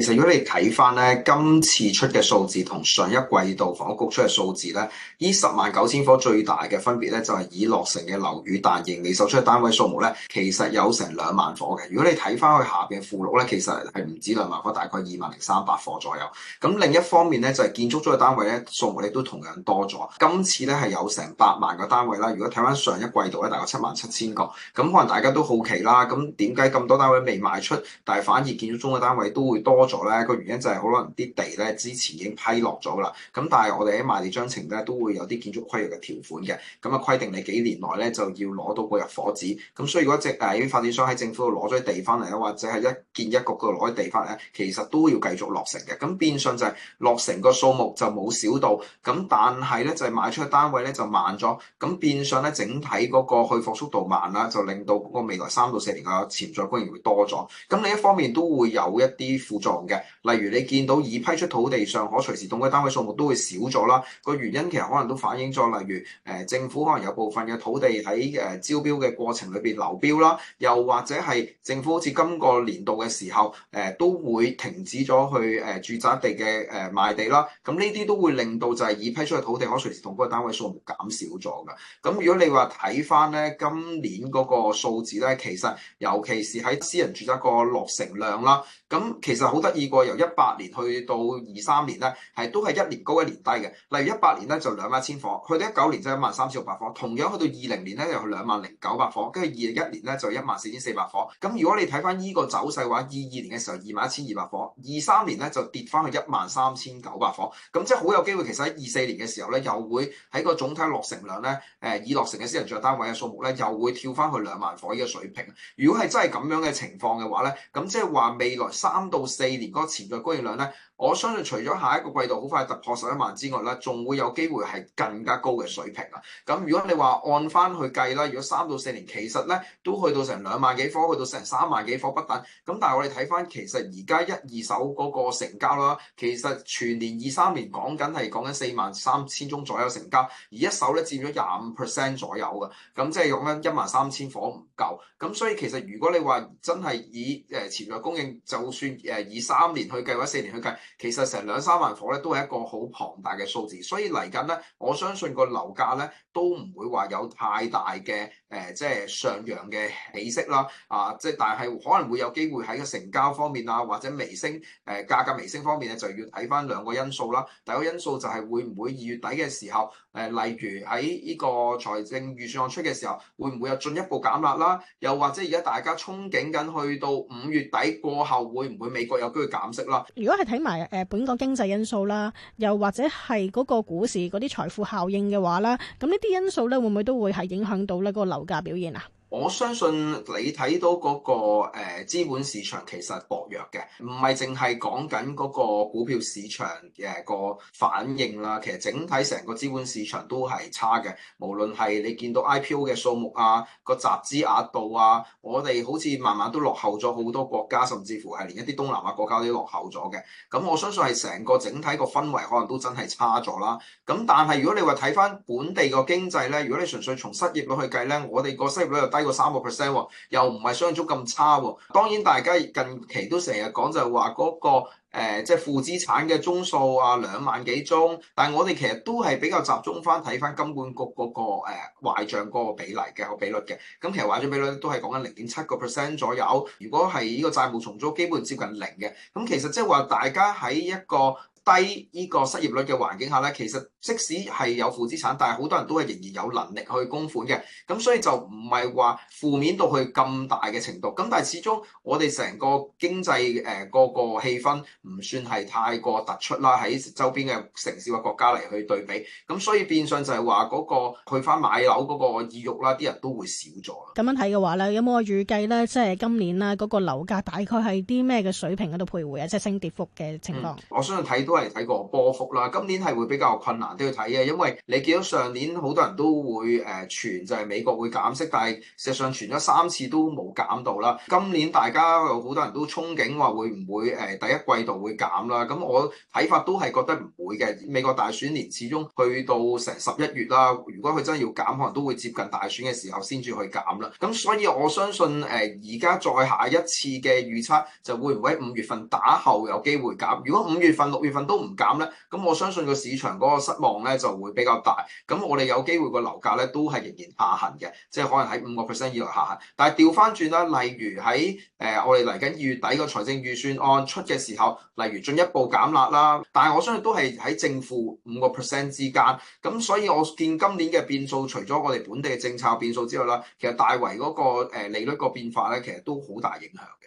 其實如果你睇翻咧，今次出嘅數字同上一季度房屋局出嘅數字咧，依十萬九千夥最大嘅分別咧就係已落成嘅樓宇但仍未售出嘅單位數目咧，其實有成兩萬夥嘅。如果你睇翻去下邊附錄咧，其實係唔止兩萬夥，大概二萬零三百夥左右。咁另一方面咧就係建築中嘅單位咧數目亦都同樣多咗。今次咧係有成八萬個單位啦。如果睇翻上一季度咧，大概七萬七千個。咁可能大家都好奇啦，咁點解咁多單位未賣出，但係反而建築中嘅單位都會多咗咧，個原因就係可能啲地咧之前已經批落咗啦，咁但係我哋喺賣地章程咧都會有啲建築規約嘅條款嘅，咁啊規定你幾年內咧就要攞到個入伙紙，咁所以如果一隻啲發展商喺政府度攞咗啲地翻嚟啊，或者係一建一局度攞啲地翻嚟，其實都要繼續落成嘅，咁變相就係落成個數目就冇少到，咁但係咧就係、是、賣出嘅單位咧就慢咗，咁變相咧整體嗰個去貨速度慢啦，就令到嗰個未來三到四年嘅潛在供應會多咗，咁另一方面都會有一啲副作嘅，例如你見到已批出土地上可隨時動工單位數目都會少咗啦。個原因其實可能都反映咗，例如誒政府可能有部分嘅土地喺誒招標嘅過程裏邊流標啦，又或者係政府好似今個年度嘅時候誒都會停止咗去誒住宅地嘅誒賣地啦。咁呢啲都會令到就係已批出嘅土地可隨時動工單位數目減少咗㗎。咁如果你話睇返呢今年嗰個數字呢，其實尤其是喺私人住宅個落成量啦，咁其實好。好得意過，由一八年去到二三年咧，係都係一年高一年低嘅。例如一八年咧就兩萬一千伙，去到一九年就一萬三千六百伙，同樣去到二零年咧又去兩萬零九百伙，跟住二一年咧就一萬四千四百伙。咁如果你睇翻依個走勢嘅話，二二年嘅時候二萬一千二百伙，二三年咧就跌翻去一萬三千九百伙。咁即係好有機會，其實喺二四年嘅時候咧，又會喺個總體落成量咧，誒、呃、已落成嘅私人住宅單位嘅數目咧，又會跳翻去兩萬伙呢個水平。如果係真係咁樣嘅情況嘅話咧，咁即係話未來三到四。四年個潛在供應量咧。 我相信除咗下一個季度好快突破十一萬之外咧，仲會有機會係更加高嘅水平啊！咁如果你話按返去計啦，如果三到四年其實咧都去到成兩萬幾伙，去到成三萬幾伙不等。咁但係我哋睇返，其實而家一二手嗰個成交啦，其實全年二三年講緊係講緊四萬三千宗左右成交，而一手咧佔咗廿五 percent 左右嘅，咁即係用緊一萬三千伙唔夠。咁所以其實如果你話真係以誒潛在供應，就算誒以三年去計或者四年去計，其實成兩三萬伙咧，都係一個好龐大嘅數字，所以嚟緊咧，我相信個樓價咧都唔會話有太大嘅誒，即、呃、係、就是、上揚嘅起色啦。啊、呃，即係但係可能會有機會喺個成交方面啊，或者微升誒、呃、價格微升方面咧，就要睇返兩個因素啦。第一個因素就係會唔會二月底嘅時候，誒、呃、例如喺呢個財政預算案出嘅時候，會唔會有進一步減壓啦？又或者而家大家憧憬緊去到五月底過後，會唔會美國有機會減息啦？如果係睇埋。誒、本港經濟因素啦，又或者係嗰個股市嗰啲財富效應嘅話啦，咁呢啲因素咧，會唔會都會係影響到咧嗰個樓價表現啊？我相信你睇到嗰個誒資本市場其實薄弱嘅，唔係淨係講緊嗰個股票市場嘅個反應啦。其實整體成個資本市場都係差嘅，無論係你見到 IPO 嘅數目啊，個集資額度啊，我哋好似慢慢都落後咗好多國家，甚至乎係連一啲東南亞國家都落後咗嘅。咁我相信係成個整體個氛圍可能都真係差咗啦。咁但係如果你話睇翻本地個經濟咧，如果你純粹從失業率去計咧，我哋個失業率又低。低過三個 percent，又唔係相中咁差喎。當然大家近期都成日講就係話嗰個、呃、即係負資產嘅宗數啊，兩萬幾宗。但係我哋其實都係比較集中翻睇翻金管局嗰、嗰個誒、呃、壞賬嗰個比例嘅個比率嘅。咁其實壞賬比率都係講緊零點七個 percent 左右。如果係呢個債務重組，基本接近零嘅。咁其實即係話大家喺一個低呢個失業率嘅環境下咧，其實即使係有負資產，但係好多人都係仍然有能力去供款嘅。咁所以就唔係話負面到去咁大嘅程度。咁但係始終我哋成個經濟誒個個氣氛唔算係太過突出啦。喺周邊嘅城市或國家嚟去對比，咁所以變相就係話嗰個去翻買樓嗰個意欲啦，啲人都會少咗。咁樣睇嘅話咧，有冇預計咧，即係今年咧嗰個樓價大概係啲咩嘅水平喺度徘徊啊？即係升跌幅嘅情況，嗯。我相信睇到。嚟睇過波幅啦，今年係會比較困難都要睇嘅，因為你見到上年好多人都會誒傳、呃、就係美國會減息，但係事實上傳咗三次都冇減到啦。今年大家有好多人都憧憬話會唔會誒、呃、第一季度會減啦，咁我睇法都係覺得唔會嘅。美國大選年始終去到成十一月啦，如果佢真係要減，可能都會接近大選嘅時候先至去減啦。咁所以我相信誒而家再下一次嘅預測就會唔會喺五月份打後有機會減？如果五月份、六月份，都唔減咧，咁我相信個市場嗰個失望咧就會比較大。咁我哋有機會個樓價咧都係仍然下行嘅，即係可能喺五個 percent 以內下行。但係調翻轉啦，例如喺誒、呃、我哋嚟緊二月底個財政預算案出嘅時候，例如進一步減辣啦。但係我相信都係喺正負五個 percent 之間。咁所以我見今年嘅變數，除咗我哋本地嘅政策變數之外啦，其實大圍嗰個利率個變化咧，其實都好大影響嘅。